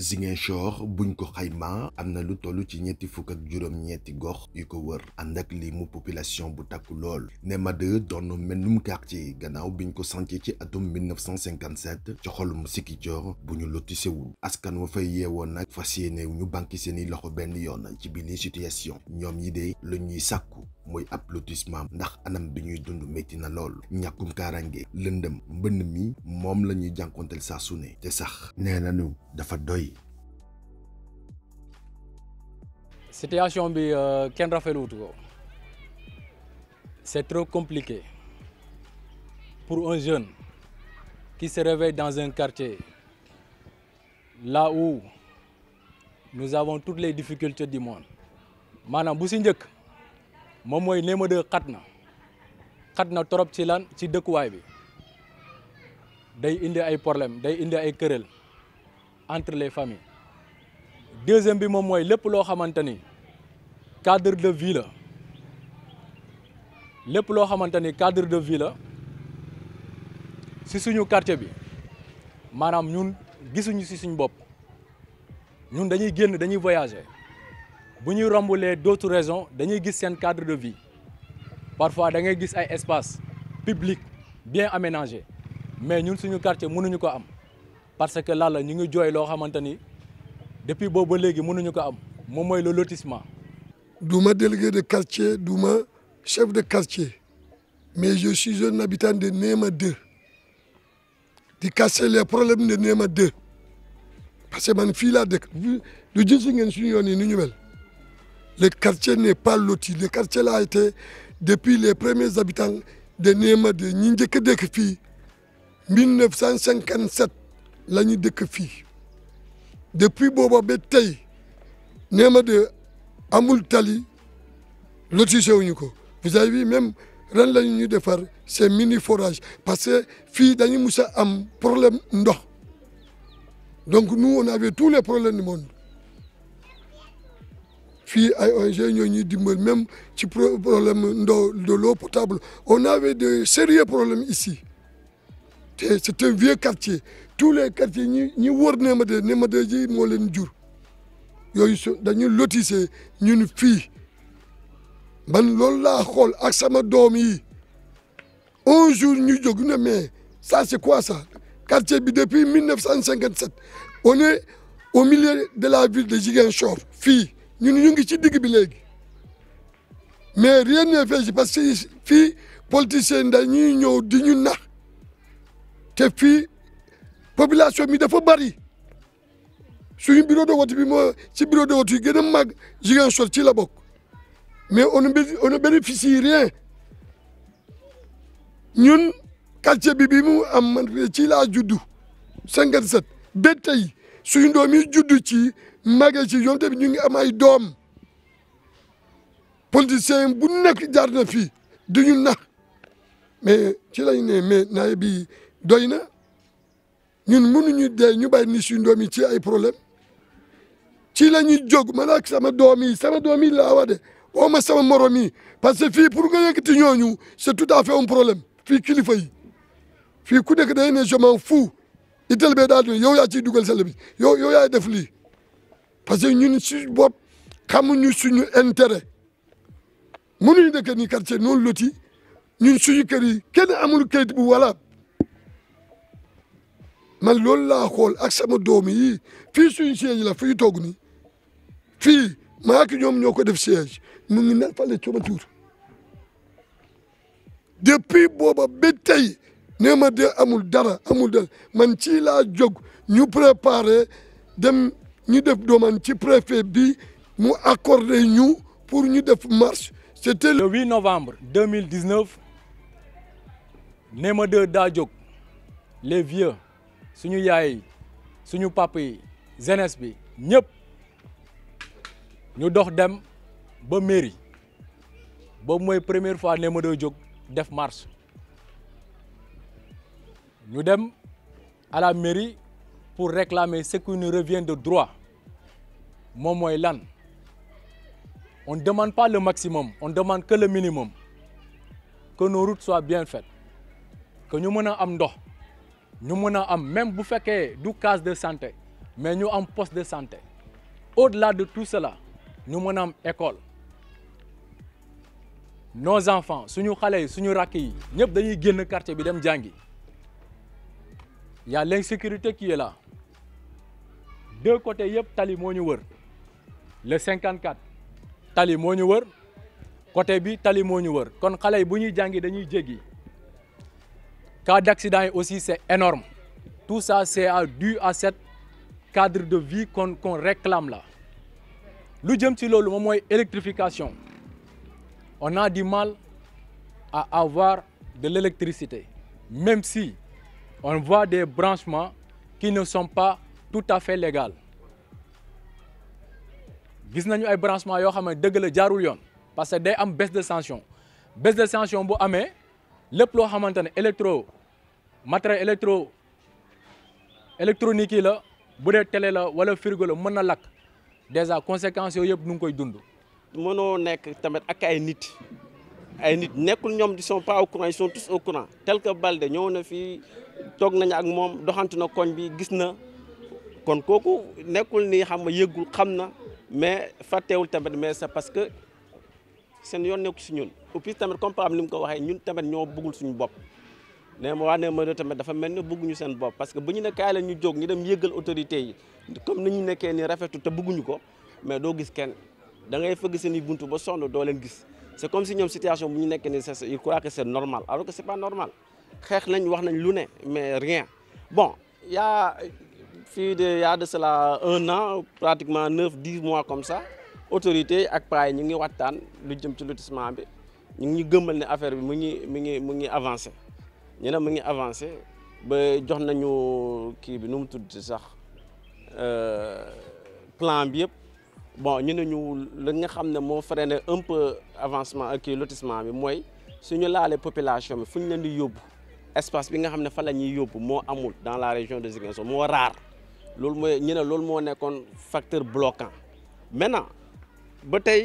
Ziguinchor buñ ko xaymaa am na lu toll ci ñetti fukk ak juróom-ñetti gox yu ko wër ànd ak lii mu population bu takku lool ne Néma 2 doon mennum quartier gannaaw biñ ko sànci ci atum 1957 ci xolum Sikicoor bu ñu lotisewul askan wa fay yeewoon nag fas yéene ñu banki seeni loxo benn yoon ci biir situation ñoom yi de la ñuy sàkku mooy ab lotissement ndax anam bi ñuy dund métti na lool ñàkkum kaarange lëndëm mbënn mi moom la ñuy jànkonteel saa su ne te sax nee nañu dafa doy situation bi euh, kenn wutu ko c'est trop compliqué pour un jeune qui se réveille dans un quartier là où nous avons toutes les difficultés du monde maanaam bu si njëkk moom mooy Néma 2 xat na xat na trop ci lan ci dëkkuwaay bi day indi ay problème day indi ay querelle entre les familles deuxième bi moom mooy lépp loo xamante ni cadre de vie la lépp loo xamante ni cadre de vie la si suñu quartier bi maanaam ñun gisuñu si suñu bopp ñun dañuy génn dañuy voyager bu ñuy rombulee d'autres raison dañuy gis seen cadre de vie parfois da ngay gis ay espace public bien aménagé mais ñun suñu quartier mënuñu ko am parce que lan la ñu ngi jooy loo xamante ni depuis boobu ba léegi mënuñu ko am moom mooy le lotissement duma délégué de quartier duma chef de quartier mais je suis un habitant de Néma 2 di casser les problèmes de Néma 2 parce que man fii la dëkk lu gis ngeen suñu yoon yi ni ñu le quartier n'est pas loti le quartier la a depuis les premiers habitants de Néma 2 ñi njëkk a dëkk fii 1957 la ñu dëkk fii depuis booba ba tey Néma amul tali lotissé wuñu ko vous avez vu même ren la ñu defar ces mini forages parce que fii dañu musa am problème ndox donc nous on avait tous les problèmes du monde fii ay ONG ñoo ñuy dimbal même ci problème ndox de l'eau potable on avait de sérieux problèmes ici te c'est un vieux quartier tous les quartiers ñi ñi wër Némadé Némadé ji moo leen jur yooyu su dañu lotissé ñun fii man loolu laa xool ak sama doom yi un jour ñu jóg ne mais ça c'est quoi ça quartier bi depuis 1957 on est au milieu de la ville de Ziguinchor fii ñun ñu ngi ci digg bi léegi mais rien n'est fait parce que fii politiciens dañuy ñëw di ñu nax te fii population bi dafa bari suñu bureau de vote bi moo ci bureau de vote yu gën a màgg Ziguinchor ci la bokk mais on ne on ne bénéficie ñun quartier bi bi mu am man ci laa juddu 57 ba tey suñu doom yi juddu ci màggee ci ñoom tamit ñu ngi am ay doom politicien bu nekk jaar na fii du ñu nax mais ci lañ ne mais nawet bi doy na ñun mënuñu dee ñu bàyyi ni suñu doom yi ci ay problème ci la ñuy jóg man ak sama doom yi sama doom yi laa wax woo ma sama morom parce que fii pour nga yëkkati ñooñu c'est tout à fait un problème fii kilifa yi fii ku nekk day ne je m'en fous bee daal yow yaa ciy dugal sel bi yow yow yaay def lii parce que ñun su bopp xamuñu suñu intérêt mënuñu dëkk ni quartier noonu loti ñun suñu kër yi kenn amul kayit bu wala man loolu laa xool ak sama doom yi fii suñu siège la fu ñu toog nii fii maa ñoom ñoo ko def siège mu ngi ne fale Coba Tour depuis booba betey tey ma amul dara amul dara man ci la jóg ñu préparé dem ñu def dooman ci préfet bi mu accordé ñu pour ñu def marche c'était le 8 novembre 2019 Néma 2 daa jóg les vieux suñu yaay suñu papa yi jeunesse bi ñëpp ñu dox dem ba mairie boobu mooy première fois ne ma doy jóg def marche ñu dem à la mairie pour réclamer ce qui nous revient de droit moom mooy lan on ne demande pas le maximum on demande que le minimum que nos routes soient bien faites que ñu mën a am ndox ñu mën a am même bu fekkee du case de santé mais ñu am poste de santé au-delà de tout cela ñu mën am école nos enfants suñu xale yi suñu rakk yi ñëpp dañuy génn quartier bi dem jàngi y a sécurité ki est là deux côtés yëpp tali moo ñu wër le 54 tali moo ñu wër côté bi tali moo ñu wër kon xale yi bu ñuy jàngi dañuy jéggi cas d'accident yi aussi c'est énorme tout ça c'est dû à cette cadre de vie qu'on qu'on réclame la lu jëm ci loolu moom mooy électrification on a du mal à avoir de l'électricité même si on voit des branchements qui ne sont pas tout à fait légaux gis nañu ay branchements yoo xam ne dëgg la jaarul yoon parce que day am baisse de tension baisse de tension bu amee lépp loo xamante ne électro matériel électro électronique yi la bu dee tele la wala frigo la mën na lakk déjà conséquences yooyu yëpp nu ngi koy dund. mënoo nekk tamit ak ay nit ay nit nekkul ñoom di sont pas au courant ils sont tous au courant tel que Balde ñëw na fii toog nañu ak moom doxantu na koñ bi gis na kon kooku nekkul ni xam nga yëggul xam na mais fàttewul tamit mais c'est parce que seen yoon nekk si ñun. et puis tamit comme Pape ni mu ko waxee ñun tamit ñoo bëggul suñu bopp nee ma wax ne ma tamit dafa mel ni bëgguñu seen bopp parce que bu ñu ne kaay la ñu ñu dem yëggal autorités yi. comme ni ñu nekkee ni rafetu te bëgguñu ko mais doo gis kenn da ngay fëgg seen i buntu ba sonn doo gis c'est comme si ñoom situation bu ñu nekkee ni c'est il croit que c'est normal alors que c'est pas normal xeex nañ wax nañ lu ne mais rien bon yaa fii de y a cela un an pratiquement neuf dix mois comme ça autorité ak paa ñu ngi waxtaan lu jëm ci lotissement bi ñu ngi gëmmal ne affaire bi mu ngi mu ngi mu ngi avancé ñu ne mu ngi avancé ba jox nañu kii bi nu mu tudd sax. Euh, plan bi yëpp bon ñu ne ñu li nga xam ne moo freiné un peu avancement ak kii bi mooy suñu laalee population bi fu ñu leen di yóbbu espace bi nga xam ne fa la ñuy yóbbu moo amul dans la région de Ziguinchor moo raar loolu mooy ñu ne loolu moo nekkoon facteur bloquant maintenant ba tey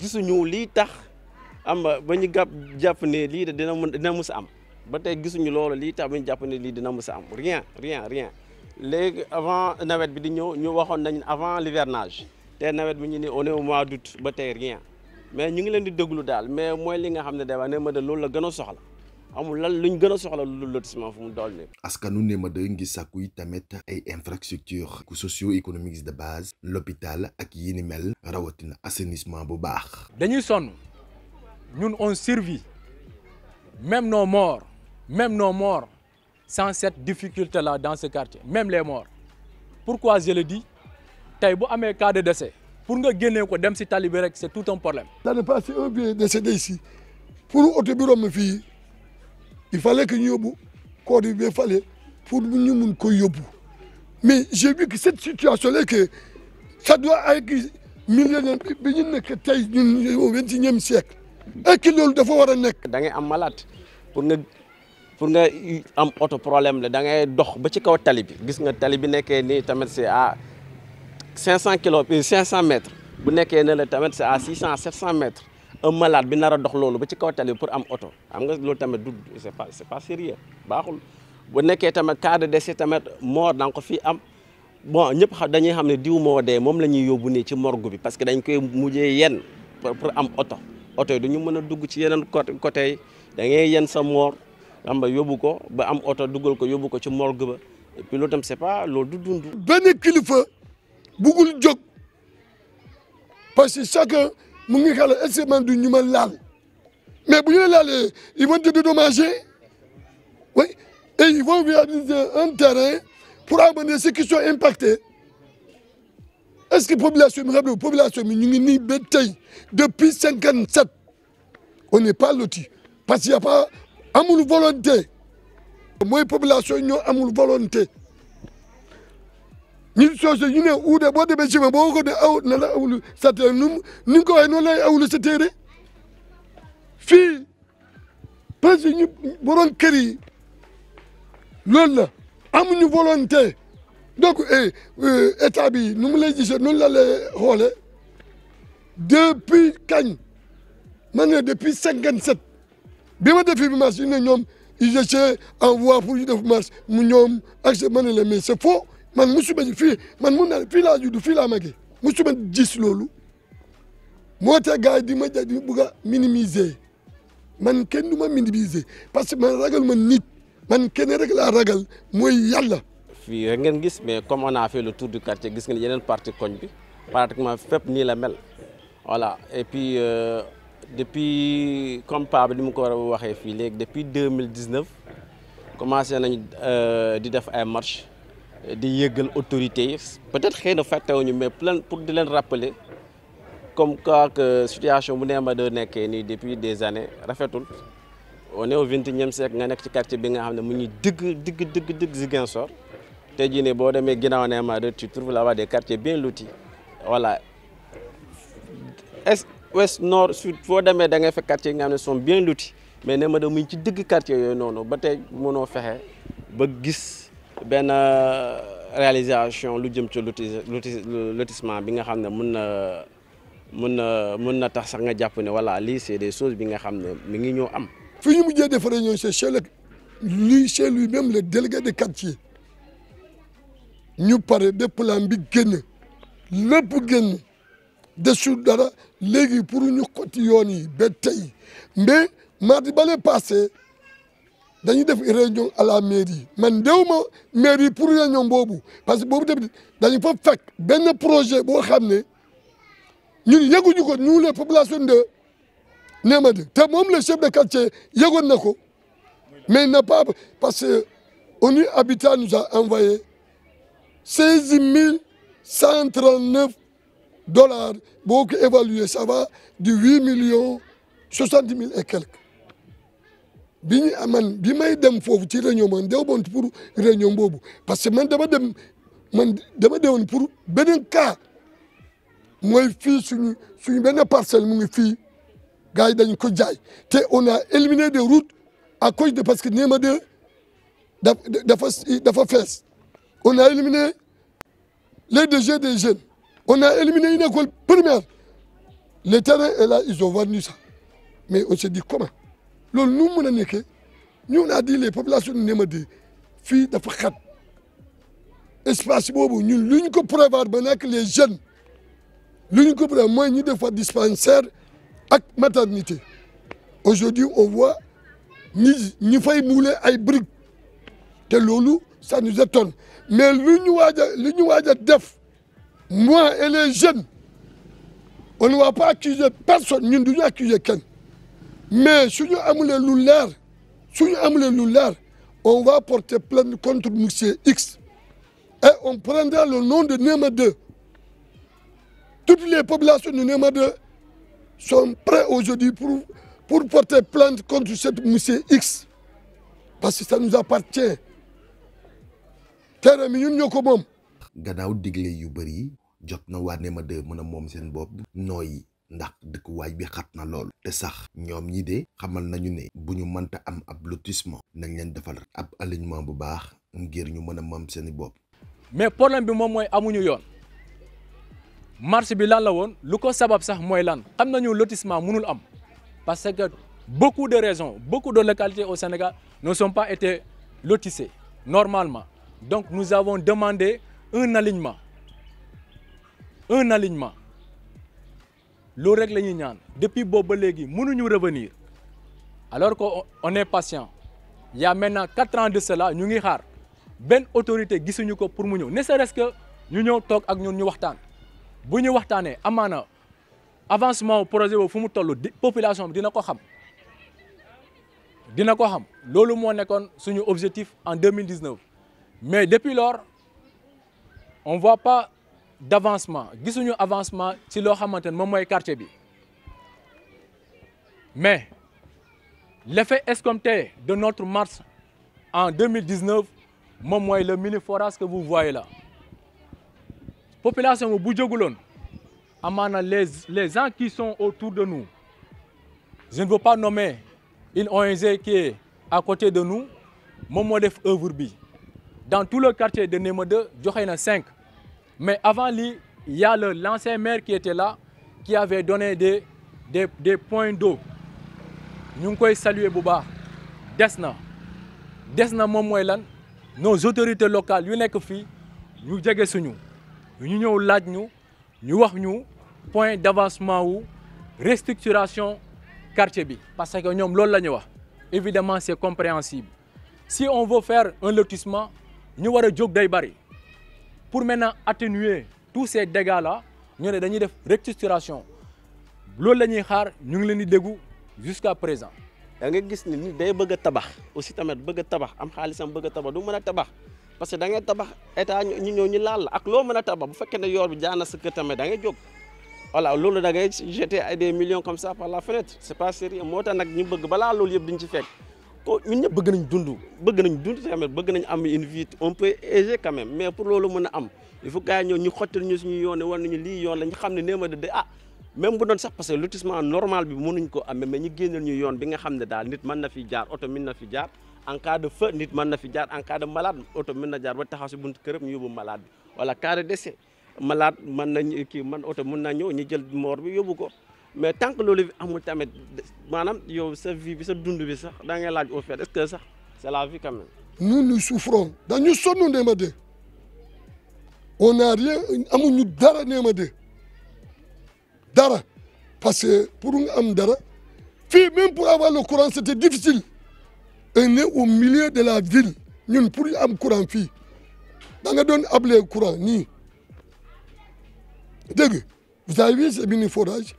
gisuñu lii tax am ba ñu gàpp jàpp ne lii de dina mën dina mus am ba tey gisuñu loolu lii tax ba jàpp ne lii dina mus am rien rien rien léegi avant nawet bi di ñëw ñu waxoon nañ avant livernage te nawet bi ñu ni on est au mois d'août ba tey rien mais ñu ngi leen di déglu daal mais mooy li nga xam ne dafa ne ma de loolu la gën a soxla amul lan luñ gën a soxla lu lotissement fu mu dool ne askanu ne ma de ngi sàkku yi tamit ay infrastructure ku socio de base l'hôpital ak yi ni mel rawatina assainissement bu baax dañuy sonn ñun on survit même nos morts même nos morts sans cette difficulté-là dans ce quartier même les morts pourquoi je le dis tey bu amee cas de décès pour nga génnee ko dem si tali bi rek c'est tout un problème. l'année passée un bien décédé ici pour oto bi romb fii il fallait que ñu yóbbu corps bi il fallait pour ñu mun koy yóbbu mais j'ai vu que cette situation-là que ça doit être millionnaire bi ñu nekk tey ñun au vingt et unième siècle et que loolu dafa war a nekk. da ngay am malade pour nga. pour nga am oto problème la da ngay dox ba ci kaw tali bi gis nga tali bi nekkee nii tamit c'est à 500 kilo 500 mètres bu nekkee ne la tamit c'est à 600 cent mètres un malade bi nara a dox loolu ba ci kaw tali bi pour am oto xam nga loolu tamit du c'est pas c'est pas sérieux baaxul bu nekkee tamit cas de décès tamit mort da nga ko fi am bon ñëpp xam dañuy xam ne diw moo dee moom la ñuy yóbbu nii ci morgue bi parce que dañ koy mujjee yen pour am oto oto yi dañu mën a dugg ci yeneen côté côté da ngay yenn sa mort. xam nga yóbbu ko ba am oto dugal ko yóbbu ko ci morgue ba et puis loolu tam pas loolu du dund. benn kilifa bu jóg parce que chacun mu ngi xala est du ñu laal mais bu ñu la laalee ils vont te dédommager oui et ils vont réaliser un terrain pour amener ceux qui sont impactés est-ce que population bi xam nga ñu ngi nii ba tey depuis cinquante sept on n'est pas loti parce qu'il pas. amul volonté mooy population ñoo amul volonté ñu soose ñu ne uude boo demee ci ma boo ko de aw na la awlu sa téere ni ko waxee noonu lay awlu sa téere fii parce que ñu borom kër yi loolu la amuñu volonté donc eh, eh, état bi nu mu lay gisee noonu la lay xoolee depuis kañ ma ne depuis cinquante sept bi ma defee marche ñu ne ñoom UGC en voie pour ñu def marche mu ñoom accès ma ne la mais c'est faux man musuma ji fii man mun naa la laa judd fii laa màggee musuma gis loolu moo tax gars yi di ma ja di bugg a man kenn du ma minimiser parce que man ragal ma nit man kenn rek laa ragal mooy yàlla. fii rek ngeen gis mais comme on a fait le tour du quartier gis ngeen yeneen parti koñ bi pratiquement fépp nii la mel voilà et puis. Euh... depuis comme pa ni mu ko war waxee fii léegi depuis deux mille dix neuf commencé nañ euh, di def ay marche di yëgal autorités yi peut-être xëy na fàttewuñu mais plein pour di leen rappeler comme que situation bu Némba de nekkee nii depuis des années rafetul on est au vingt-et-unième siècle nga nekk ci quartier bi nga xam ne mu ngi digg digg digg digg Ziguinchor tey jii ne boo demee ginnaaw Némba 2 tu trouves là-bas des quartiers bien lotis voilà ouest nord sud foo demee da ngay fekk quartier nga xam ne sont bien lotis mais ne ma da muñ ci digg quartier yooyu noonu ba tey mënoo fexe ba gis benn euh, réalisation lu jëm ci loti lotissement bi nga xam ne mun na mun na mun na tax sax nga jàpp ne voilà lii c'est des choses bi nga xam ne mi ngi ñëw am fi ñu mujjee def réunion c'est chez le ñu pare de plan bi génn lépp génn desul dara léegi pour ñu xotti yoon yi ba tey mais mardi bale passé dañuy def réunion à la mairie man dewuma mairie pour réunion boobu parce que boobu tamit dañu fa fekk benn projet boo xam ne ñun yëguñu ko ñu les populations de Némade te moom le chef de quartier yëgoon na ko mais n'a pas parce que ONU Habitat nous a envoyé seize mille cent trente neuf dollars boo ko évaluer ça di du huit millions soixante mille et quelques bi ñu aman bi may dem foofu ci réunion man dew boon pour réunion boobu parce que man dama dem man dama dewoon pour beneen cas mooy fii suñu suñu benn parcelle mu ngi fii gars yi dañ ko jaay te on a éliminé des routes a cause de parce que Néma 2 dafa dafa dafa fees on a éliminé les DG des jeunes On a éliminé une école primaire. Le terrain est là, ils ont vendu ça. Mais on s'est dit comment loolu nu mu mën a nekkee ñu on a dit les populations ne ma di fii dafa xat espace boobu ñun lu ñu ko prévoir ba nekk les jeunes lu ñu ko prévoir mooy ñu def fa dispensaire ak maternité aujourd'hui on voit ñi ñi fay muule ay briques te loolu ça nous étonne mais lu ñu waaj a lu ñu waaj a def. moi et les jeunes on ne va pas accuser personne ñun du ñu accuser kenn mais suñu amulee lu leer suñu amulee lu leer on va porter plainte contre monsieur X et on prendra le nom de Néma 2 toutes les populations de Néma 2 sont prêtes aujourd'hui pour pour porter plante contre cet monsieur X parce que ça nous appartient terrain mi ñun ñoo ko moom gannaaw digle yu bëri jot na waa Nema 2 mën a moom seen bopp nooyi ndax waaj bi xat na lool te sax ñoom ñi de xamal nañu ne bu ñu mënta am ab lotissement nañ leen defal ab alignement bu baax ngir ñu mën a moom seeni bopp. mais problème bi moom mooy amuñu yoon marché bi lan la woon lu ko sabab sax mooy lan xam nañu lotissement mënul am parce que beaucoup de raisons beaucoup de localités au Sénégal ne sont pas été lotissées normalement donc un alignement un alignement loolu rek la ñuy ñaan depuis boobu ba léegi mënuñu revenir alors que on est patient il y a maintenant quatre ans de cela ñu ngi xaar benn autorité gisuñu ko pour mu ñëw ne serait-ce ñu ñëw toog ak ñun ñu waxtaan bu ñu waxtaanee amaana avancement projet boobu fu mu toll di population bi dina ko xam dina ko xam loolu moo nekkoon suñu objectif en 2019 mais depuis lors on voit pas d' avancement gisuñu avancement ci loo xamante ne moom mooy quartier bi mais l' effet escompté de notre marche en 2019 moom mooy le mini forage que vous voyez là population bu jóguloon amaana les les gens qui sont autour de nu je ne veux pas nommer une ONG qui est à côté de nu moom moo def œuvre bi dans tout le quartier de Néma 2 joxee na cinq mais avant li yàlla a le l'ancien maire qui était là qui avait donné des des des points d'eau ñu ngi koy saluer bu baax des na des na moom mooy lan nos autorités locales yu nekk fii ñu jege suñu ñu ñëw laaj ñu ñu wax ñu point d'avancement wu restructuration quartier bi parce que ñoom loolu la ñu wax évidemment c'est compréhensible si on veut faire un lotissement ñu war a jóg day bari pour na atténuer tous ces dégâts là ñu ne dañuy def restructuration loolu la ñuy xaar ñu ngi leen di déggu jusqu'à présent. da nga gis ni nit day bëgg a tabax aussi tamit bëgg a tabax am xaalisam bëgg a tabax du mën a tabax parce que da ngay tabax état ñu ñëw ñu laal ak loo mën a tabax bu fekkee ne yoon bi jaana sa kër tamit da ngay jóg. voilà loolu da ngay jeter ay des millions comme ça par la fenêtre c'est pas sérieux moo tax nag ñu bëgg balaa loolu yëpp duñ ci fekk. ko oh, ñun ñëpp bëgg nañ dund bëgg nañ dund tamit bëgg nañ am une vie un peu aisée quand mais pour loolu mën a am il faut gars yi ñëw ñu xottal ñu suñu yoon war nañu lii yoon la ñu xam ne néema de ah même bu doon sax parce que lotissement normal bi mënuñ ko amee mais ñu génneel ñu yoon bi nga xam ne daal nit man na fi jaar oto mën na fi jaar en cas de feu nit man na fi jaar en cas de malade oto mën na jaar ba taxaw si buntu këram ñu yóbbu malade bi wala cas de décès malade mën nañ kii man oto mën na ñëw ñu jël mort bi yóbbu ko mais tant que loolu amul tamit maanaam yow sa vie bi sa dund bi sax da ngay laaj au fait est-ce que sax c'est la vie quand même. nu nous souffrons dañu sonn nee ma dee on n'a rien dara nee ma dee dara parce que pour nga am dara fii même pour avoir le courant c'était difficile on est au milieu de la ville ñun pour ñu am courant fii da nga doon able courant nii dégg vous avez vu mini forage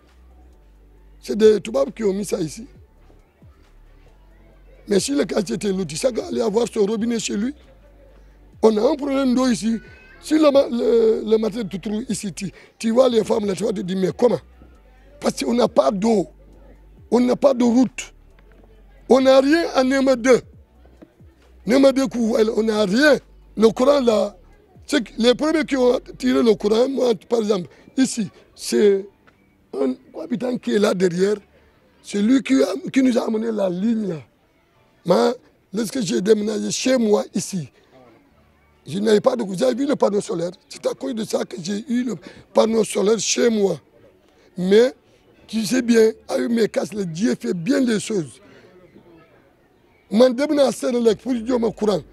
C'est des Toubabs qui ont ici. Mais si le quartier était loti, chacun allait avoir son robinet chez lui. On a un problème d'eau ici. Si le, le, le, matin tu trouves ici, tu, tu, vois les femmes là, tu vas te dire, mais comment Parce qu'on on n'a pas de route, on n'a rien à Nema 2. Nema 2, on n'a rien. Le Coran là, les premiers qui ont le Coran, par exemple, ici, c'est un cohabitant qui est là derrière, c'est lui qui, a, qui nous a amené la ligne là. Mais lorsque ici, je n'avais pas de... J'avais vu le panneau solaire. C'est à cause de ça que j'ai eu le panneau solaire chez moi. Mais tu sais bien, avec mes le Dieu bien des choses. man dem naa Sénélec pour jooma courant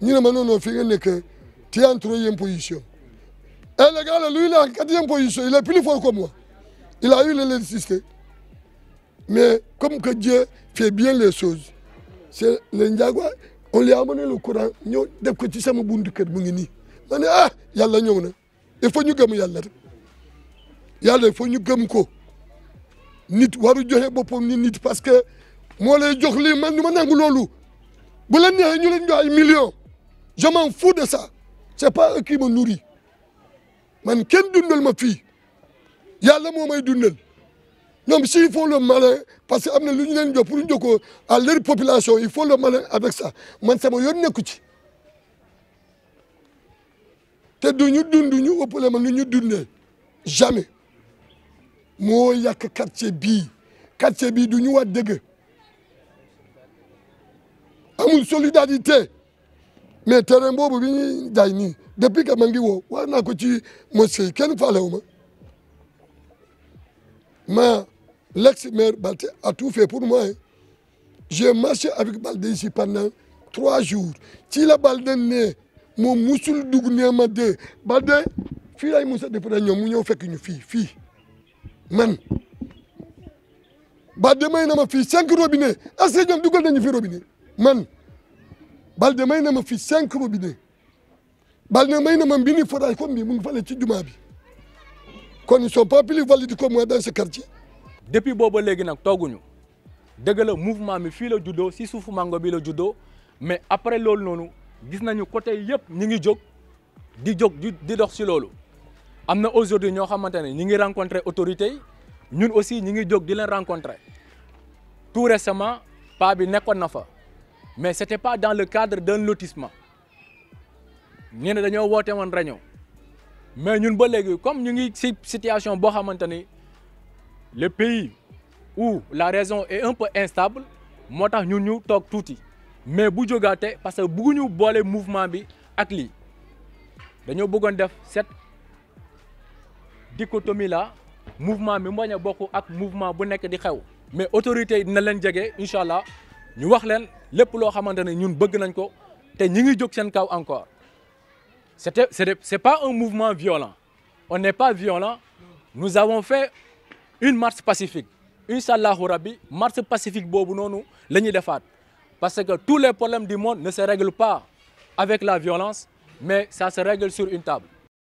ñu ne ma noonu fii nga nekk tu es en troisième position. et eh, le gars là lui il est position il est plus fort que moi. Il a eu l'électricité. Mais comme que Dieu fait bien les choses, c'est le Ndiagwa, on lui a amené le Coran, nous avons fait ça, nous avons fait ça, nous avons fait ah, yalla ñëw na il faut ñu gëm yàlla rek yàlla il faut ñu gëm ko nit waru joxe boppam ni nit parce que moo lay jox lii man du ma nangu loolu bu la neexee ñu leen jox ay millions je m'en fous de ça c'est pas eux qui me nourrit man kenn dundal ma fii yàlla moo may dundal ñoom si il faut le parce que am na lu ñu leen jox pour ñu jokkoo population il faut le malin avec ça man sama yoon nekku ci te du ñu dund ñu ëppale ma nu ñu dundee jamais moo yàq quartier bii quartier bii du ñu wax dëgg amul solidarité mais terrain boobu bi ñuy jaay nii depuis que ma ngi woo wax naa ko ci mosquée kenn faalewu ma Mais l'ex-maire Balté a tout fait pour moi. J'ai marché avec Balté ici pendant trois jours. Si la Balté n'est mon moussoul dougnéma de Balté, fille la moussa de ñoom mu mouillon fekk ñu fii fii Man. Balté m'a ma fii cinq robinets. Assez de dougal d'un fille robinet. Man. Balté m'a ma fii cinq robinets. Balté m'a ma mini forage comme il m'a ci du bi kon condition publique valide ko mooy dans ce quartier. depuis booba léegi nag tooguñu dëgg la mouvement mi fii la juddoo si suufu mango bi la juddoo mais après loolu noonu gis nañu côté yëpp ñu ngi jóg di jóg di dox si loolu am na aujourd'hui ñoo xamante ne ñu ngi rencontré autorités ñun aussi ñu ngi jóg di leen rencontré tout récemment pas bi nekkoon na fa mais c'était pas dans le cadre d'un lotissement ñu ne dañoo woote woon réunion mais ñun ba léegi comme ñu ngi si situation boo xamante ni le pays où la raison est un peu instable moo tax ñun ñu toog tuuti mais bu jógaate parce que bëgguñu boole mouvement bi ak lii dañoo buggoon def set di là mouvement bi mbañ a bokk ak mouvement bu nekk di xew mais autorités yi dina leen jege incha allah ñu wax leen lépp loo xamante ne ñun bëgg nañ ko te ñu ngi jóg seen kaw encore C'était, c'est pas un mouvement violent. On n'est pas violent. Nous avons fait une marche pacifique. incha allahu rabbi marche pacifique boobu noonu la ñuy defaat parce que tous les problèmes du monde ne se règlent pas avec la violence mais ça se règle sur une table